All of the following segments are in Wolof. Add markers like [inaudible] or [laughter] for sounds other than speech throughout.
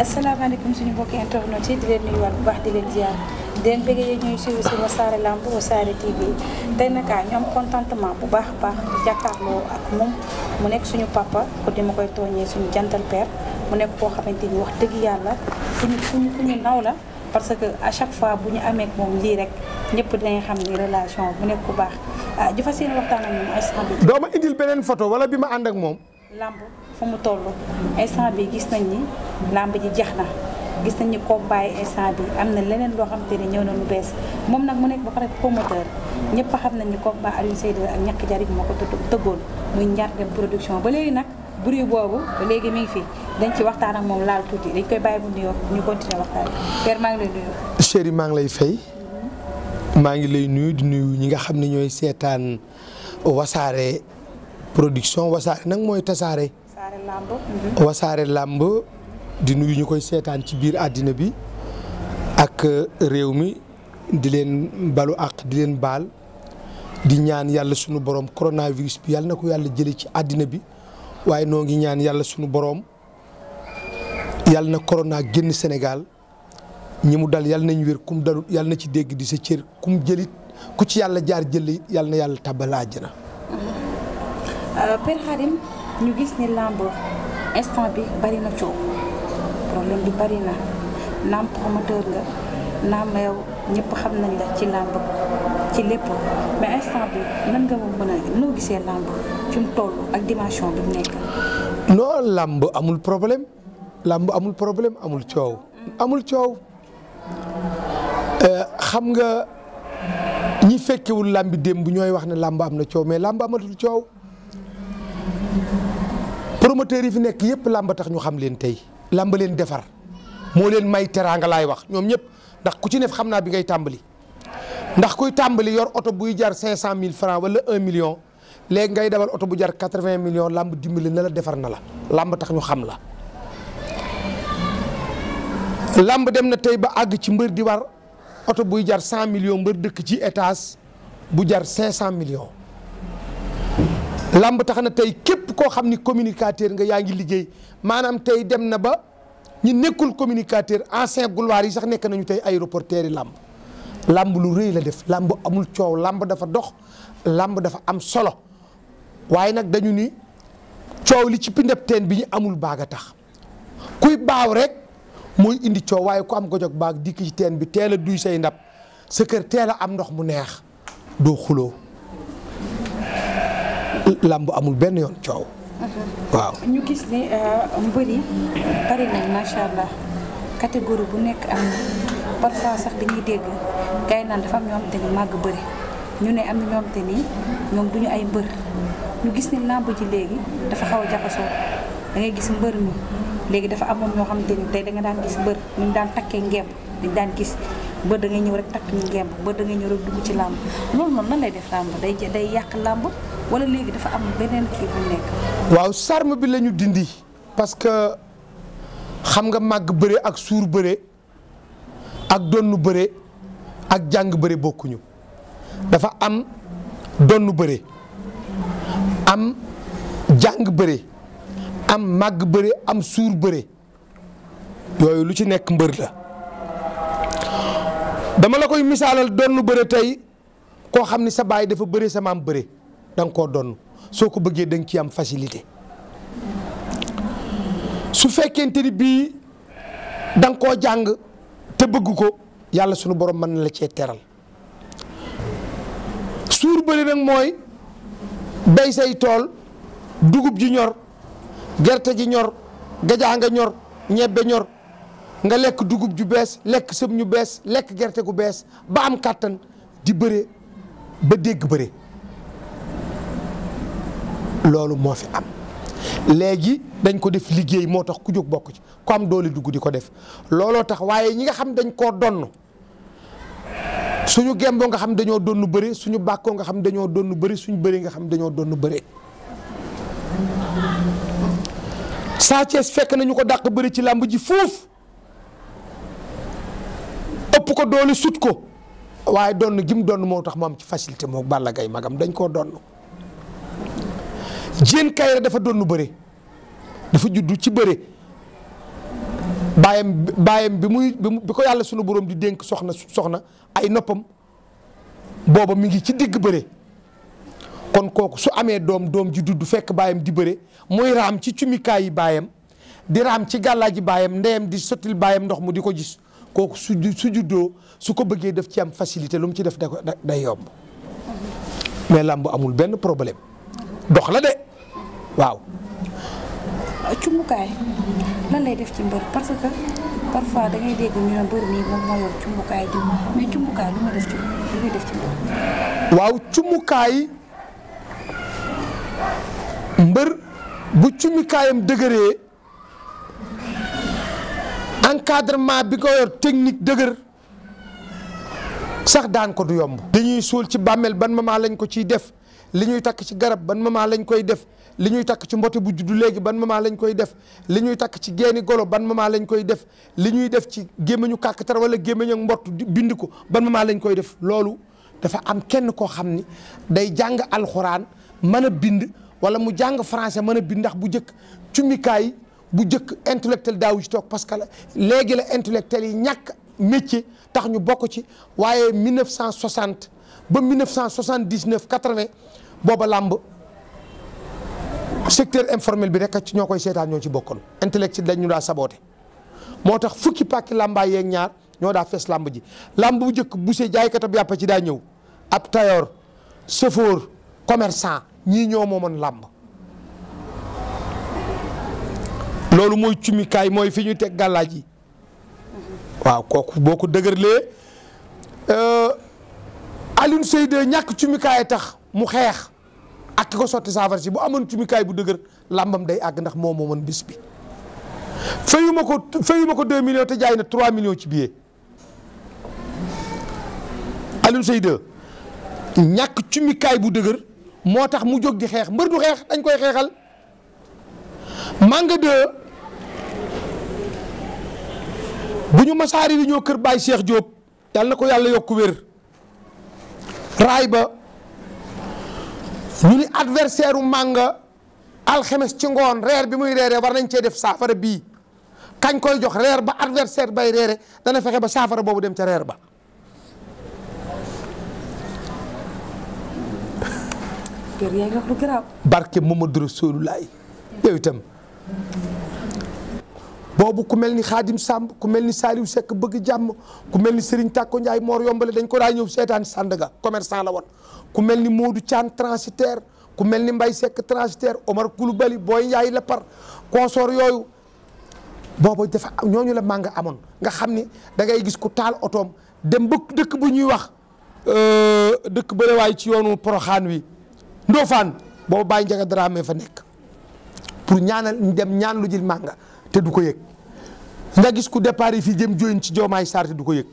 asalaamaaleykum suñu mbokki internet yi di leen nuyuwaat bu baax di leen ziar di leen bëggee ñuy suivre si Wassare Lamb Wassare TV tey nag ah, ñu contentement bu baax a baax di jàkkaarloo ak moom mu nekk suñu papa ko ma koy tooñee suñu jantal père mu nekk koo xamante ni wax dëgg yàlla fu ñu fu la parce que à chaque fois bu ñu amee moom lii rek ñëpp dinañ xam ni relation bu nekk ku baax ah ju fas yéene waxtaan ak moom ay. doo ma indil beneen photo wala bi ma ànd ak moom. lamb. fu mu toll instant bi gis nañ ni làmb ji jeex na gis nañ ni combat instant bi am na leneen loo xam te ne ñëw na lu bees moom nag mu nekk ba pare promoteur ñëpp xam nañ ni ko tëggoon muy ñaar production ba léegi nag bruit boobu léegi mi fi dañ ci waxtaan moom laal tuuti dañ koy bàyyi bu nuyoo ñu continuer waxtaan père maa ngi lay nuyu. chéri lay fay maa ngi lay nuyu di nuyu ñi nga xam ne ñooy seetaan wasaare production wasaare nag mooy tasaare. wasaare làmb mhm. di nuyu ñu koy seetaan ci biir àddina bi ak uh, réew mi di leen balu àq di leen baal di ñaan yàlla sunu borom coronavirus bi yàlla na ko yàlla jëlee ci àddina bi waaye noo ngi ñaan yàlla sunu boroom yàlla na corona génn senegal ñi mu dal yàlla nañ wér kum dalut yàlla na ci dégg di sa cër kum jëlit ku ci yàlla jaar jël yàlla na yàlla tàbbal àjjana. Euh, ñu gis ni làmb instant bi bari na coow problème bi bari na naam promoteur nga naam yow ñëpp xam nañ la ci làmb ci lépp mais instant bi nan nga ma mën a noo gisee làmb fi mu ak dimension bi nekk. non làmb amul problème làmb amul problème amul coow. amul coow euh, xam nga ñi fekkewul làmbi bu ñooy wax ne làmb am na coow mais làmb amatul coow. promoteurs yi fi nekk yëpp làmb tax ñu xam leen tey làmb leen defar moo leen may teraanga laay wax ñoom ñëpp ndax ku ci ne xam naa bi ngay tàmbali ndax kuy tàmbali yor oto buy jar cinq cent mille francs wala un million léegi ngay dawal oto bu jar quatre-vingts millions làmb dimbali na la defar na la làmb tax ñu xam la làmb dem na tey ba àgg ci mbër di war oto buy jar cent million mbër dëkk ci étage bu jar cinq cent millions làmb tax na tey képp koo xam ni communicateur nga yaa ngi liggéey maanaam tey dem na ba ñi nekkul communicateur ancien gloire yi sax nekk nañu tey ay reporters yi làmb làmb lu rëy la def làmb amul coow làmb dafa dox làmb dafa am solo waaye nag dañu ni coow li ci pindab teen bi ñu amul baag a tax kuy baaw rek mooy indi coow waaye ku am gojog baag dikk ci teen bi teel a duy say ndab sa kër teel a am ndox mu neex doo xuloo làmb amul benn yoon coow. waaw ñu gis ni euh, mbër yi bari nañ macha allah catégorie bu nekk am parfois sax dañuy dégg gars naan dafa am ñoo xamante ni màgg bëri ñu ne am na ñoo nii ni ñoom du ay mbër ñu gis ne làmb ji léegi dafa xaw a jaxasoo da ngay gis mbër mi léegi dafa amoon ñoo xamante ni tey danga daan gis mbër ñu daan takkee ngemb dañ daan gis mbër da ñëw rek takk ñu ngemb mbër da ngay ñëw rek dugg ci làmb loolu noonu lan lay def làmb day yàq làmb wala léegi waaw sarme bi lañu dindi parce que xam nga màgg bëre ak suur bëre ak donnu bëre ak jàng bëre bokkuñu dafa am donnu bëre am jàng bëre am màgg bëre am suur bëre yooyu lu ci nekk mbër la dama la koy misaalal donnu bëre tey koo xam ni sa baay dafa bëre sa maam bëre. da nga donn soo ko bëggee da nga ci am facilité su fekkente ni bii danga ko jàng te bëgg ko yàlla sunu borom mën na la cee teral suur bëri nag mooy bay say tool dugub ji ñor gerte ji ñor gajaa nga ñor ñebbe ñor nga lekk dugub ju bees lekk sëb ñu bees lekk gerte gu bees ba am kàttan di bëre ba dégg bëre loolu moo fi am léegi dañ ko def liggéey moo tax ku jóg bokk ci ku am doole dugg di ko def looloo tax waaye ñi nga xam dañ koo donn suñu gemboo nga xam dañoo donn bëri suñu bàkkoo nga xam dañoo donn bëri suñu bëri nga xam dañoo donn bëri Sa Thiès fekk nañu ko dàq bëri ci làmb ji foofu ëpp ko doole sut ko waaye donn gi mu donn moo tax mu am ci facilité moo Balla gay magam dañ koo donn Diène Kaïré dafa doon nu bëre dafa juddu ci bëre baayam baayam bi muy bi ko yàlla sunu borom di dénk soxna soxna ay noppam booba mu ngi ci digg bëre kon kooku su amee doom doom ji dudd fekk baayam di bëre muy raam ci cumikaay yi baayam di raam ci gàllaaji baayam ndeyam di sottil baayam ndox mu di ko jis kooku su su juddoo su ko bëggee def ci am facilité lu mu ci def day yomb mais làmb amul benn problème dox la de. waaw. cumbukaay lan mbër que parfois da ngay dégg ñu ne mbër bi mais bu cumbukaayam dëgëree encadrement bi ko yor technique dëgër sax daan ko du yomb. dañuy sol ci bàmmeel ban moment lañ ko ciy def. li ñuy takk ci garab ban moment lañ koy def li ñuy takk ci mbote bu juddu léegi ban moment lañ koy def li ñuy takk ci geeni golo ban moment lañ koy def li ñuy def ci gémmiñu kàkkatar wala gémmiñu mbott bind ko ban moment lañ koy def loolu dafa am kenn koo xam ni day jàng alxuraan mën bind wala mu jàng français mën a bind ndax bu njëkk cumikaay bu njëkk intellectuel daawu ci toog parce que léegi la intellectuel yi ñàkk métier tax ñu bokk ci waaye 1960 ba 1979 80 booba làmb secteur informel bi rek ci ñoo koy seetaan ñoo ci bokkoon intellectuel dañ ñu daa saboote moo tax fukki pàkki làmbaay yeeg ñaar ñoo daa fees làmb ji làmb bu njëkk bu see jaaykatab yàpp ci daa ñëw ab tayoor sëfoor commerçant ñii ñoo moomoon làmb loolu mooy cumikaay mooy fi ñuy teg gàllaaj yi waaw kooku boo ko dëgërlee euh, Alioune Seyde ñàkk cumikaay tax mu xeex ak ko sotti saafara si bu amoon cumikaay bu dëgër làmbam day àgg ndax moo moomoon bis bi fayuma ko fayuma ko deux millions te jaay na trois millions ci billet Alioune Seye 2 ñàkk cumikaay bu dëgër moo tax mu jóg di xeex mbër du xeex dañ koy xeexal Manga 2 bu ñu masaari ñoo kër Baye Cheikh jóob yàlla na ko yàlla yokku wér raay ba ñu ni adversaire u Manga alxemes ci ngoon reer bi muy reeree war nañ cee def saafara bii kañ koy jox reer ba adversaire bay reere dana fexe ba saafara boobu dem ca reer ba barke Mamadou Rasulullaay yow itam boobu ku mel ni Xaadim Samb ku mel ni Saliou sekk bëgg jàmm ku mel ni Serigne Tàkko Ndiaye Moor yombale dañ ko daa ñëw seetaan Sandaga commerçant la woon ku mel ni Modou caan transitaire ku mel ni Mbaye Seck transitaire Omar Koulibaly Boy Ndiaye Lepar consort yooyu boobu ñoo ñooñu la màng amoon nga xam ni da ngay gis ku taal otoom dem ba dëkk bu ñuy wax euh, dëkk bëre waay ci yoonu Poroxaan wi Ndofaan boobu Baye dara amee fa nekk pour ñaanal dem ñaan lu jël mànga te du ko yëg nga gis ku départ yi fii jëm joyin ci Diomaye Sarr te du ko yëg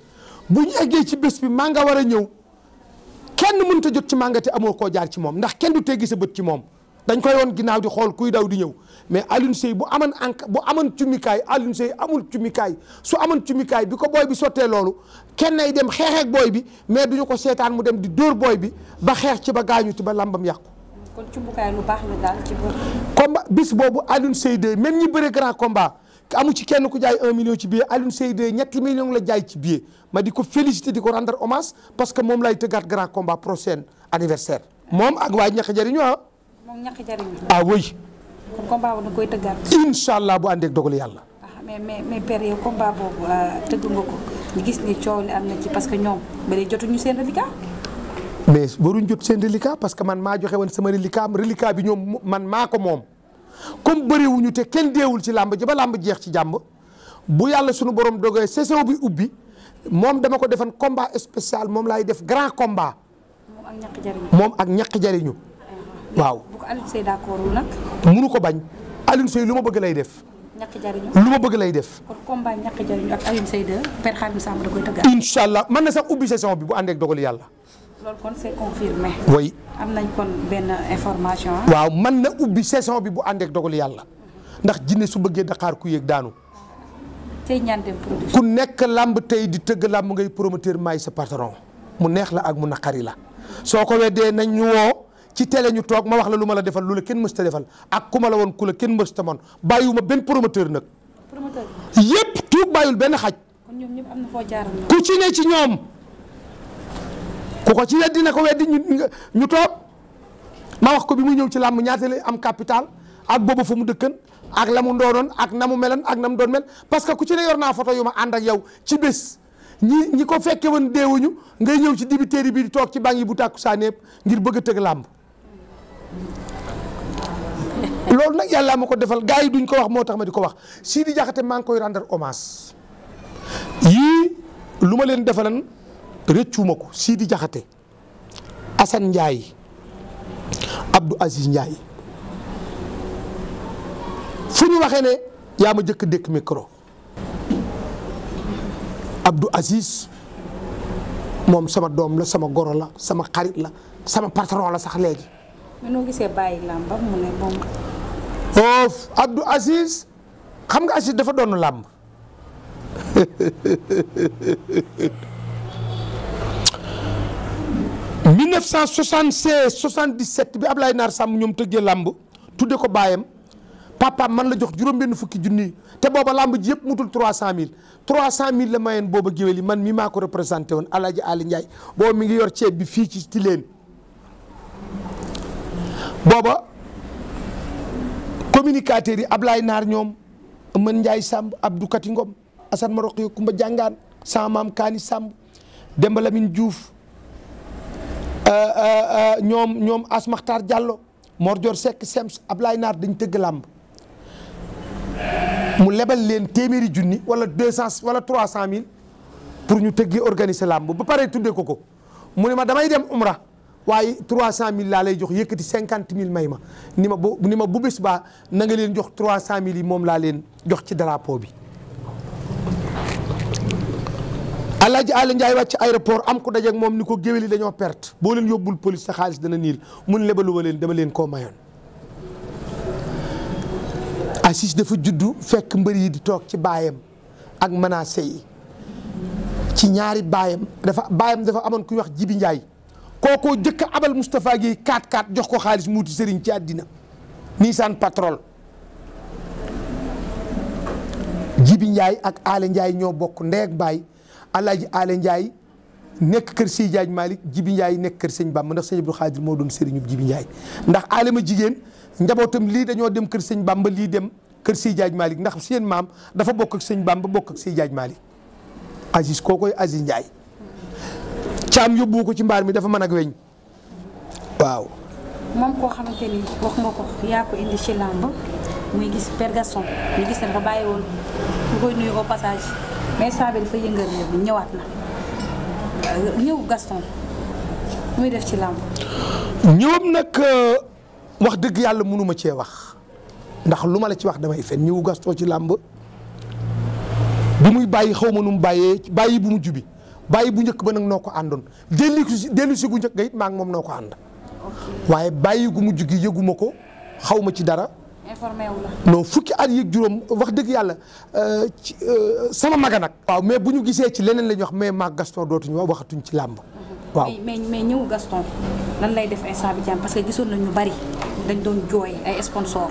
bu ñu eggee ci bés bi mànga war a ñëw kenn mënut a jot ci màngate amoo koo jaar ci moom ndax kenn du teggi sa bët ci moom dañ koy woon ginnaaw di xool kuy daw di ñëw mais Alioune bu aman ank bu aman cumikaay Alioune amul cumikaay su aman cummikaay bi ko booy bi sottee loolu kenn ay dem xeexeek booy bi mais duñu ko seetaan mu dem di dóor booy bi ba xeex ci ba gaañu ci ba lambam yàqu kon cumbukaay lu baax boobu Alioune Seye de même ñi bëre grand combat amu ci kenn ku jaay un million ci billet Alioune Seye de ñetti million la jaay ci biir ma di ko féliciter di ko rendre hommage parce que moom lay tëggaat grand combat prochain anniversaire moom ak waa ñax jariñu ah. moom ñax jariñu. ah oui. kon combat boobu da koy tëggaat. incha allah bu àndeek dogalu yàlla. Ah, mais mais mais père boobu ah, tëgg nga ko ñu gis ni coow li am na ci parce que ñoom ba léegi jotuñu seen reliquat. mais waruñ jot seen reliquat parce que man maa joxe woon sama reliquat am reliquat bi ñoom man maa ko moom. comme bëriwuñu te kenn deewul ci làmb ji ba làmb jeex ci jàmb bu yàlla sunu borom dogee saison bi ubbi moom dama ko defan combat spécial moom laay def grand combat. moom ak ñàkk jariñu waaw bu ko munu ko bañ Alioune Seye lu ma bëgg lay def. ñàkk jariñu lu ma bëgg lay def. kon combat ñàkk jariñu ak Alioune Seye de Père Khadim Samb da koy mën na sax ubbi saison bi bu àndeek dogal yàlla. loolu kon c'est waaw man na ubbi saison bi bu àndeek ak yàlla ndax jinne su bëggee Dakar ku yéeg daanu. tey ñaanteem production. ku nekk làmb tey di tëgg làmb ngay promoteur maay sa patron mu neex la ak mu naqari la soo ko weddee nañ ñu woo. ci télé ñu toog ma wax la lu ma la defal lu la kenn mësta defal ak ku ma la woon ku la kenn mësta man bàyyiwuma benn promoteur nag. promoteur tuub bàyyul benn xaj. na foo jaar ku ci ne ci ñoom. ku ko ci weddi na ko weddi ñu ñu toog ma wax ko bi muy ñëw ci làmb ñaata la am capital ak boobu fu mu dëkkan ak la mu ak na mu meloon ak na mu mel parce que ku ci ne yor naa photo yu ma ànd ak yow ci bés ñi ñi ko fekke woon deewuñu ngay ñëw ci dibiteeri bi di toog ci bànq yi bu tàkku saa népp ngir bëgg a tëgg làmb loolu nag yàlla ma ko defal gars yi duñ ko wax moo tax ma di ko wax Sidi Diakhaté maa ngi koy rendre hommage yii lu ma leen defalan rëccuma ko Sidi Jaxate Assane Ndiaye Abdou Aziz Ndiaye fu ñu waxee ne yaa ma jëkk dékk micro abdu Aziz moom sama doom la sama goro la sama xarit la sama patron la sax léegi. mënoo gisee bàyyi xam nga Aziz dafa doon làmb. [laughs] 1976 77 bi Ablaye Naar Samb ñoom tëggee làmb tudde ko baayam papaam man la jox juróom-benn fukki junni te booba làmb ji yëpp mutul 300000 300000 la mayeen booba géwél yi man mi maako ko représenté woon Alaaji Ali Ndiaye booba mi ngi yor ceeb bi fii ci Tileen booba communicateurs yi Ablaye Naar ñoom man Ndiaye Samb Abdou Kati Ngom Assane Maroq Kumba Jàngaan sama maam Kaani Samb Demba Lamine Diouf Euh, euh, euh, ñoom ñoom Asmakhtar Diallo Mor Dior Seck Sems Ablaye Naar dañ tëgg làmb mu lebal leen téeméeri junni wala deux cent wala trois cent mille pour ñu tëggi organiser làmb ba pare tuddee ko ko mu ne ma damay dem umra waaye trois cent mille laa lay jox yëkkati cinquante mille may ma ni ma bu ni ma bu baa na nga leen jox trois cent mille yi moom laa leen jox ci drapeau bi Alaaji Ali Ndiaye wàcc aéroport am ko dajeeg moom ni ko géwél yi dañoo perte boo leen yóbbul police sa xaalis dana niil mun lebaluma leen dama leen koo mayoon. Assis dafa juddu fekk mbër yi di toog ci baayam ak manasey ci ñaari baayam dafa baayam dafa amoon ku ñuy wax Jibi njaay kookoo jëkk a abal Moustapha Guèye 4-4 jox ko xaalis muuti sëriñ ci àddina Nissan Patrol Jibi njaay ak Ale Ndiaye ñoo bokk ndey baay Alaaji Aale Ndiaye nekk kër Sey jaaj Malick Jibi Ndiaye nekk kër sëñ Bamba ndax sëñ Abdou Khadir moo doon sëriñu Jibi Ndiaye ndax aale ma jigéen njabootam lii dañoo dem kër sëñ Bamba lii dem kër Sey Diagne Malick ndax seen maam dafa bokk ak sëñ Bamba bokk ak Sey Diagne Malick Aziz kookoy caam yóbbu ko ci mbaar mi dafa mën ak weñ waaw. moom koo xamante ni wax nga ko yaa ko indi ci làmb muy gis Père Gaston ñu gis ne dafa bàyyi woon ñu koy nuyu au passage. mais saa bi dafa yëngal réew mi ñëwaat na ñëw Gaston muy def ci làmb. ñëwam nag euh, wax dëgg yàlla mënuma cee wax ndax lu ma la ci wax damay fen ñëw Gaston ci làmb bi muy bàyyi xaw ma nu mu bàyyee bàyyi bu mujj bi bàyyi bu njëkk ba nag noo ko àndoon dellu si dellu gu njëkk ga it maa ngi moom noo ko ànd waaye bàyyi gu mujj gi yëguma ko xawma ci dara. informé wu la. non fukki at yeeg juróom wax dëgg yàlla euh, ci euh, sama maga nag. waaw mais bu ñu gisee ci leneen la ñuy wax mais maag Gaston dootuñu wax waxatuñ ci làmb. Mhm. waaw mais mais ñëw Gaston lan lay def instant bi jàmm parce que gisoon nañu ñu bari dañ doon jooy ay sponsor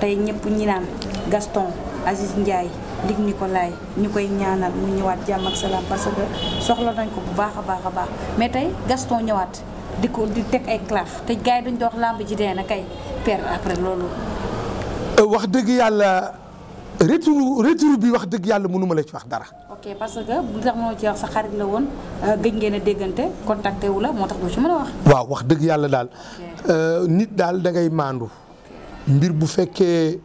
tey ñëpp ñi naan Gaston Aziz Ndiaye Luc Nicolaï ñu koy ñaanal ñëwaat jàmm ak parce que soxla nañ ko bu baax a baax a baax mais tey Gaston ñëwaat di ko di teg ay claf te gars yi dañ doon wax làmb ji dee na kay perdre après loolu. wax dëgg yàlla retour retour bi wax dëgg yàlla mënuma la ci wax dara. ok parce que bu tax moo ci wax sa xarit la woon euh, gëj ngeen a déggante contacté wu la moo tax ci mën a wax. waaw wax dëgg yàlla daal euh, nit daal dangay ngay maandu mbir bu fekkee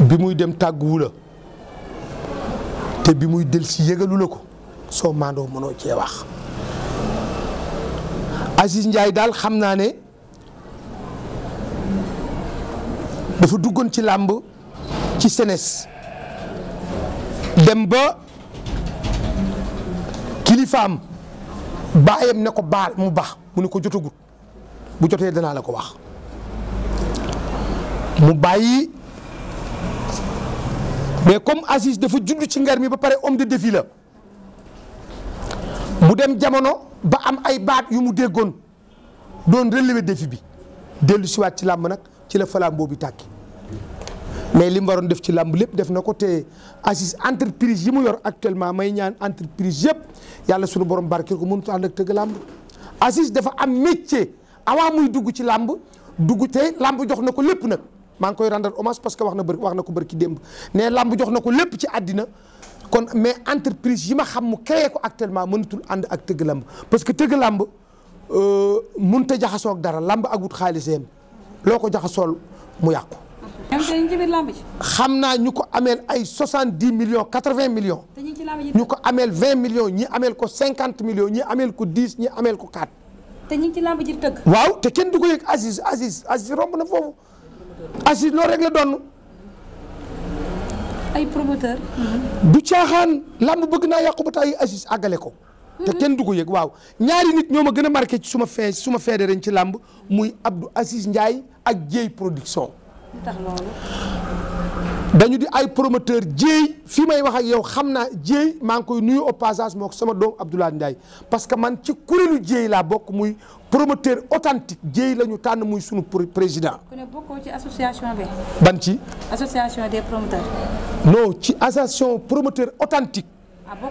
bi muy dem tàgg wula te bi muy del si yëgalu la ko soo maandoo mënoo cee wax Aziz Ndiaye daal xam naa ne. dafa duggoon ci làmb ci senes dem ba kilifaam baayam ne ko baal mu baax mu ne ko jotagut bu jotee danaa la ko wax mu bàyyi mais comme asis dafa judd ci ngar mi ba pare homme de défi la mu dem jamono ba am ay baat yu mu déggoon doon relever défi bi dellu siwaat ci làmb nag ci la flambeau bi tàkki mais li mu waroon def ci làmb lépp def na ko te Aziz entreprise yi mu yor actuellement may ñaan entreprise yëpp yàlla suñu borom barkeel ko mënut ànd ak tëgg làmb Aziz dafa am métier avant muy dugg ci làmb dugg te làmb jox na ko lépp nag maa ngi koy rendre hommage parce que wax na bëri wax na ko bëri ki démb ne làmb jox na ko lépp ci àddina kon mais entreprise yi ma xam mu créé ko actuellement mënatul ànd ak tëgg làmb parce que tëgg làmb euh, mun te jaxasoo dara làmb ak wut loo ko jaxasool mu yàqu. xam naa ñu ko ameel ay soixante dix millions quatre vingt millions. ñu ko ameel vingt millions ñi ameel ko cinquante millions ñi ameel ko dix ñi ameel ko quatre. te ñu ngi ci làmb ji tëgg. waaw te kenn du ko yëg Aziz Aziz Aziz romb na foofu Aziz loolu rek la doon. ay promoteur. du caaxaan làmb bëgg naa yàqu ba ay Aziz àggale ko. te kenn du ko yëg waaw ñaari nit ñoo ma gën a marqué ci suma fee suma feede ren ci làmb muy abdu Aziz Ndiaye ak Dieye production. tax dañu di ay promoteur Dieye fii may wax ak yow xam naa Dieye maa koy nuyu au passage sama doom Abdoulaye Ndiaye parce que man ci kuréelu Dieye la bokk muy promoteur authentique Dieye la ñu tànn muy sunu président. ku ne ci association bi. ban ci. association des ci association promoteur authentique Ah, non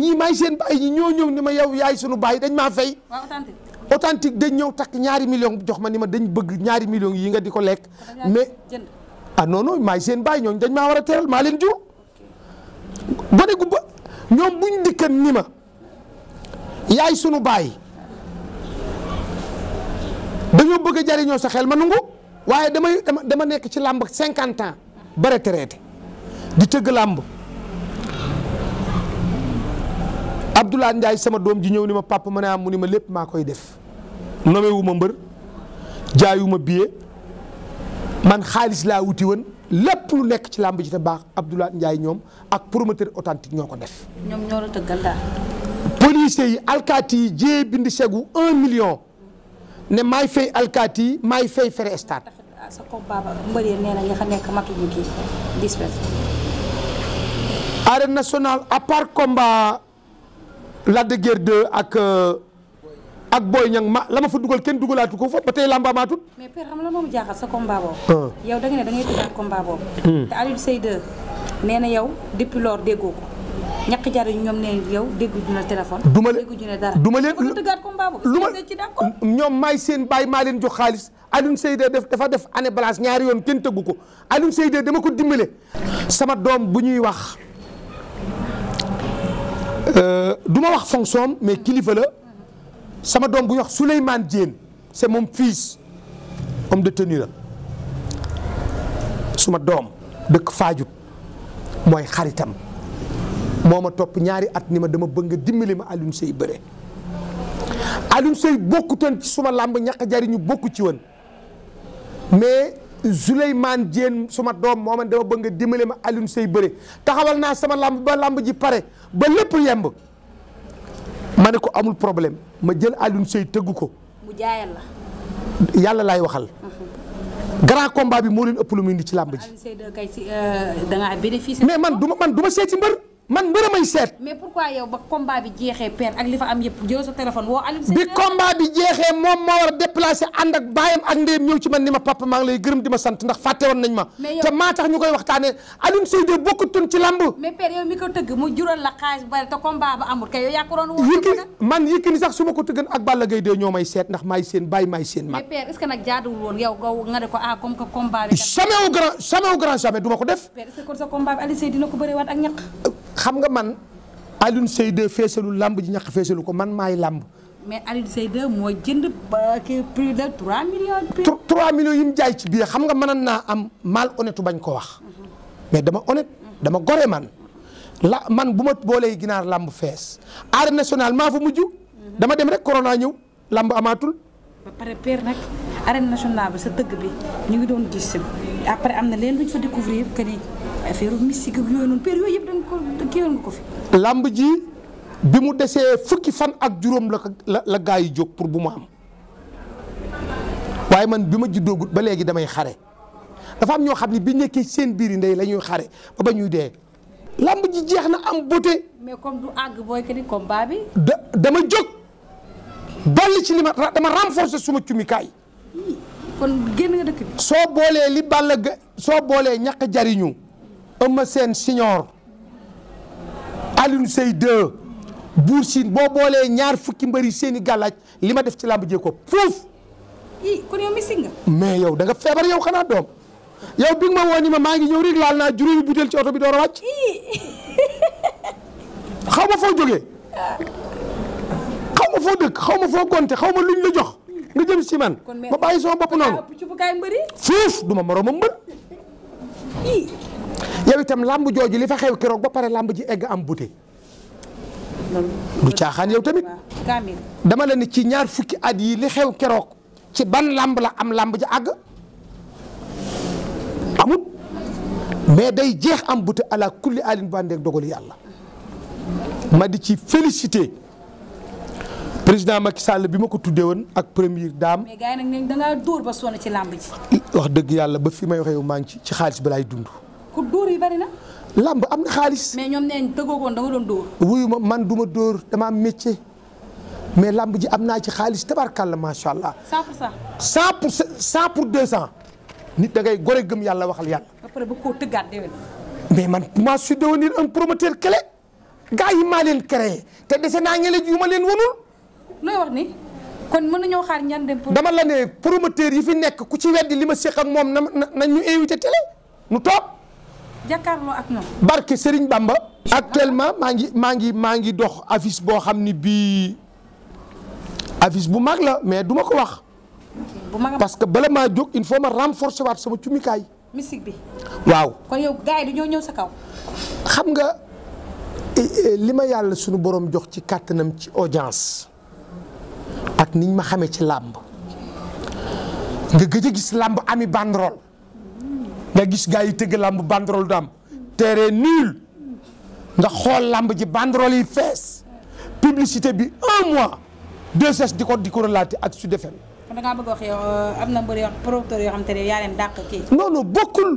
ñii maay seen baay ñi ñoo ñëw ni ma yow yaay sunu baay dañ maa fay authentique dañ ñëw takk ñaari million jox ma ni ma dañ bëgg ñaari million yi nga di ko lekk mais ah non non baay ñooñ dañ maa war a teral maa leen jur gone gu ba ñoom ni ma yaay sunu baay dañoo bëgg jariñoo sa xel ma nangu waaye dama dama nekk ci làmb cinquante ans ba retraité di tëgg làmb Abdoulaye Ndiaye sama doom ji ñëw ni ma papa ma ne am mu ni ma lépp maa koy def nome ma mbër jaayuma billet man xaalis laa wuti woon lépp lu nekk ci làmb ji te baax Abdoulaye njaay ñoom ak promoteur authentique ñoo ko def. ñoom ñoo la tëggal daal. policiers yi alkaati yi jee bind segu un million ne maay fay alkaati yi maay fay fere stade. Ah, sa arène nationale à part combat Lac de Guiers 2 ak euh, ak Boy Niang ma la ma fa dugal kenn dugalaatu ko fa ba tey lamba maatut. mais père xam la moom jaaxal sa combat boobu. Ah. yow da ne da ngay tuddaat combat boobu. Hmm. te yow depuis lors déggoo ko. ñàkk jaar yi ñoom ne yow déggu téléphone. duma leen déggu ñu ne duma leen lu ma ñoom maay seen bàyyi maa leen jox xaalis Alioune Seye def dafa def année blanche ñaari yoon kenn tëggu ko Alioune Seye dama ko dimbale. sama doom bu ñuy wax. Euh, du ma wax fonction mais kilifa la sama doom bu ñu wax Souleymane Diène c'est mon fils homme de tenue la suma doom dëkk Faajut mooy xaritam moo ma topp ñaari at ni ma dama bëgg nga dimbali ma Alioune Seye bëre Alioune Seye bokkutoon suma làmb ñàkk jariñu bokku ci woon mais Souleymane Diène suma doom moo man dama bëgg nga dimbale ma Alioune Seye bëre taxawal naa sama làmb ba lamb ji pare ba lépp yemb ma ne ko amul problème ma jël Alioune Seye tëgg ko. mu jaayal la. yàlla laay waxal. Mhm. grand combat bi moo leen ëpp lu muy indi ci lamb ji. Alioune Seye euh, mais man du ma man du ma seeti mbër. man mbër may seet. mais pourquoi bi jeexee père ak li fa am yëpp sa téléphone woo Alioune Seye bi combat bi jeexee moom moo war a déplacé ànd ak baayam ak ndeyam ñëw ci man ni ma papa maa ngi lay gërëm di ma sant ndax fàtte woon nañ ma. te maa tax ñu koy waxtaanee Alioune Seye de bokkutoon ci lamb. mais ko tëgg mu jural la xaalis bu man yëkki su ma ko tëggan ak Balla Gaye de ñoo may seet ndax seen baay maay seen mag. mais père est-ce que nag jaaduwul woon yow nga ne ko ah comme que combat bi. ko def. père est-ce que ak ñaq euh, xam nga man Alioune Seye 2 feesalu làmb ji ñàkk feesalu ko man maay làmb. mais Alioune Seye 2 moo jënd ba kii prix millions. yi mu jaay ci biir xam nga mënoon naa am mal honnête bañ ko wax. mais dama honnête dama gore man. la man bu ma boolee ginaar làmb fees arène nationale maa fa mujj. dama dem rek corona ñëw làmb amaatul. ba pare père nag arène nationale ba sa tëgg bi ñu ngi doon gis après am na leen luñ fa découvrir que affaire mystique ak yooyu làmb ji bi mu desee fukki fan ak juróom la la la gaa yi jóg pour bu mu am waaye man bi ma juddoogut ba léegi damay xare dafa am ñoo xam ne bi nekkee seen biir yi ndey lañuy ñuy xare ba ba ñuy dee. làmb ji jeex na am beauté. mais comme du àgg booy que ni bi. da dama jóg dolli ci li ma dama renforcer suma cumikaay. kon génn nga dëkk bi. soo boolee li Balla Gaye soo boolee ñàkk jariñu Eumeu Sène Senior Alioune Seye 2 Bour Sine boo boolee ñaar fukki mbëri seeni gàllaaj li ma def ci làmb jee ko fuuf. ii kon yow mais yow da nga feebar yow xanaa doom yow bi ma woo ma maa ngi ñëw rek laal naa juróomi butéel ci oto bi door a wàcc. xaw ma foo jógee xaw ma foo xaw ma foo gonte xaw ma luñ la jox nga jëm si man ma bàyyi sama bopp noonu fuuf du ma moroomam mbër. yow itam làmb jooju li fa xew keroog ba pare làmb ji egg am buté du caaxaan yow tamit dama la ni ci ñaar fukki at yii li xew keroog ci ban làmb la am làmb ji àgg amut mais day jeex am buté ala kulli alin bu àndeek dogalu yàlla ma di ci félicité président Macky Sall bi ma ko tuddee woon ak première daam mais gars yi nag da ngaa ci làmb wax dëgg yàlla ba fi may waxee yow maa ngi ci ci xaalis bi laay dund. ku door yi bari na. lamb am na xaalis. mais ñoom nee nañ tëggoo ko woon da nga doon dóor. wuyu ma man du ma dóor dama am métier mais lamb ji am naa ci xaalis tabarkàlla macha allah. 100 pour 100. 100 pour 100 pour 200. nit da ngay gore gëm yàlla waxal yàlla. après bu ko tëggaat mais man ma suis devenir un promoteur clé. gars yi maa leen créé te dese naa ñële yu ma leen wonul. looy wax ni kon mën na nañoo xaar ñan dem. dama la ne promoteur yi fi nekk ku ci weddi li ma séq ak moom na na ñu invité télé nu toog. jàkkaarloo ak ñoom. barke Serigne Bamba. actuellement maa ngi maa ngi maa ngi dox affiche boo xam ni bii affiche bu mag la mais duma ko wax. parce que bala maa jóg il faut ma renforcer waat sama cumikaay. mystique bi. waaw kon yow gars yi dañoo ñëw sa kaw. xam nga e, e, li ma yàlla sunu boroom jox ci kàttanam ci audience ak niñ ma xamee ci làmb nga gëj a gis làmb ami banderole nga gis gars yi tëgg làmb banderole du am xool làmb ji banderole bi un mois di ko di ko ak Sud FM. kon da ngaa bëgg a wax yow euh, am na mbër xam bokkul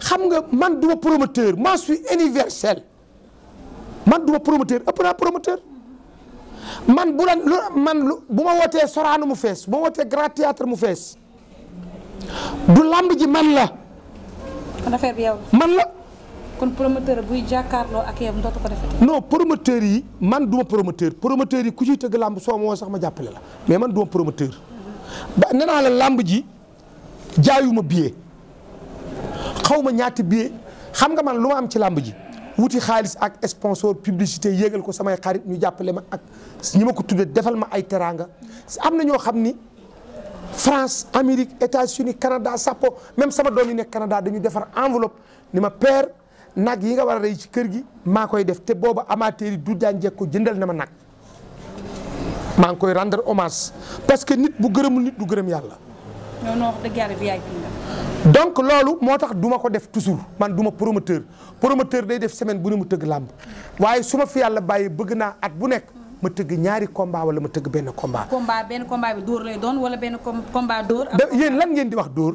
xam nga man duma promoteur moi je suis universel man duma promoteur ëpp naa promoteur. man bu la man bu ma wootee Sorano mu fees bu ma wootee Grand Théâtre mu fees du làmb ji man la. man la. kon promoteur buy jàkkaarloo ak yow dootu ko defati. yi man duma promoteur promoteur yi ku ciy tëgg làmb soo moo sax ma jàppale la mais man duma promoteur. ba nee naa la làmb ji jaayuma billet xaw ma ñaati billet xam nga man lu ma am ci làmb ji wuti xaalis ak sponsor publicité yéegal ko samay xarit ñu jàppale ma ak ñi ma ko tuddee defal ma ay teraanga am na ñoo xam ni. France Amérique États-Unis Canada Sappo même sama doom yi nekk Canada dañu defar enveloppe ni ma per nag yi nga war a rey ci kër gi maa koy def te booba amateur yi du daan jekko jëndal na ma nag maa ngi koy rendre hommage parce que nit bu gërëmul nit du gërëm yàlla. non non donc loolu moo tax duma ko def toujours man du ma promoteur promoteur day def semaine bu ne mu tëgg làmb waaye su ma fi yàlla bàyyi bëgg naa at bu nekk. ma tëgg ñaari combat wala ma tëgg benn combat. combat benn combat bi dóor lay doon wala benn combat dóor. yéen lan ngeen di wax door